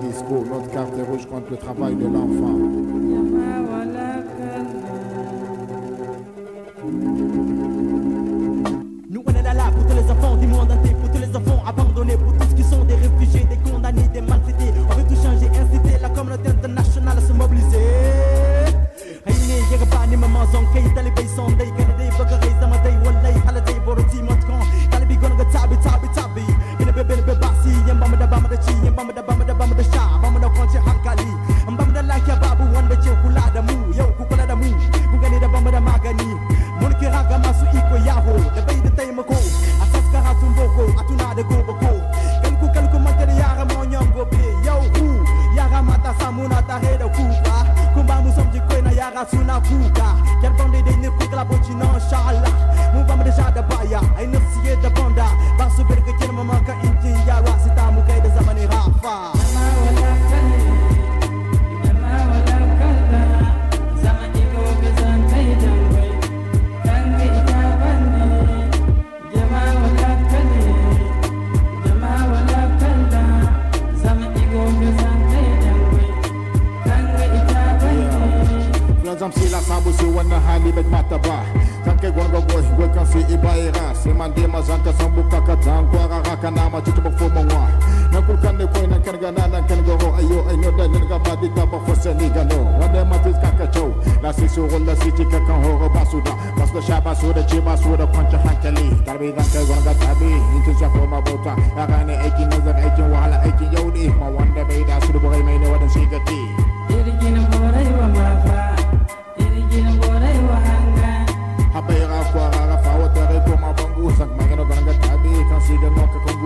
discours, notre carte rouge contre le travail de l'enfant. Nous on est là pour tous les enfants entier, pour tous les enfants abandonnés, pour tous qui sont des réfugiés, des condamnés, des maltraités. On veut tout changer, inciter la communauté internationale à se mobiliser. sabu si wana hali bet mataba tanke gwanga boy wekan si ibaira se mande mazanka sambu kaka tankwa rara kana ma tutu bafo mwa nakul kanne koy na kanga na na kanga ro ayo ayo da nirga badi ka ba fosse ni gano wada matis kaka chow la si so wala si ti kaka horo basuda basuda shaba suda chi basuda pancha hankali darbi ganka gwanga tabi intu sa koma bota rara ne aikin nazar aikin wahala aikin yaudi ma wanda bai da su da bai mai ne wadan sigati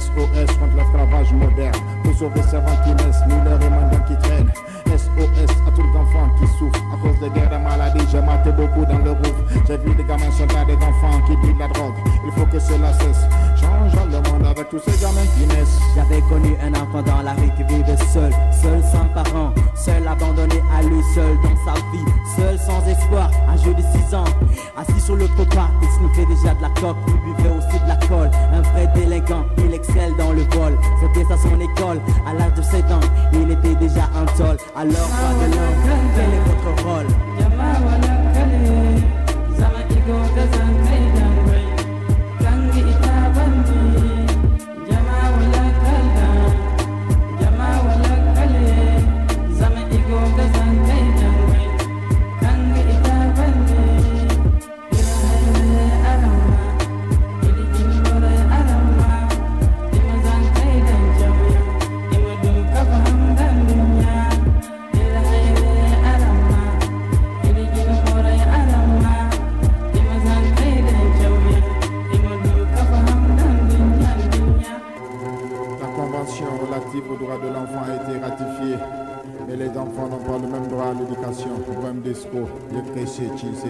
SOS contre l'esclavage moderne. Pour sauver servants qui naissent, mineurs et mandats qui traînent. SOS à tous les enfants qui souffrent à cause des guerres, et maladies. J'ai maté beaucoup dans le rouvre. J'ai vu des gamins soldats, des enfants qui prennent la drogue. Il faut que cela cesse. Changeons le monde avec tous ces gamins. J'avais connu un enfant dans la rue qui vivait seul, seul sans parents, seul abandonné à lui, seul dans sa vie, seul sans espoir, À jeu de 6 ans. Assis sur le trottoir, il fait déjà de la coque, il buvait aussi de la colle. Un vrai délinquant, il excelle dans le vol. C'était à son école, à l'âge de 7 ans, il était déjà un sol. Alors, pas de a été ratifié, Et les enfants n'ont pas le même droit à l'éducation, le même discours, le péché, chez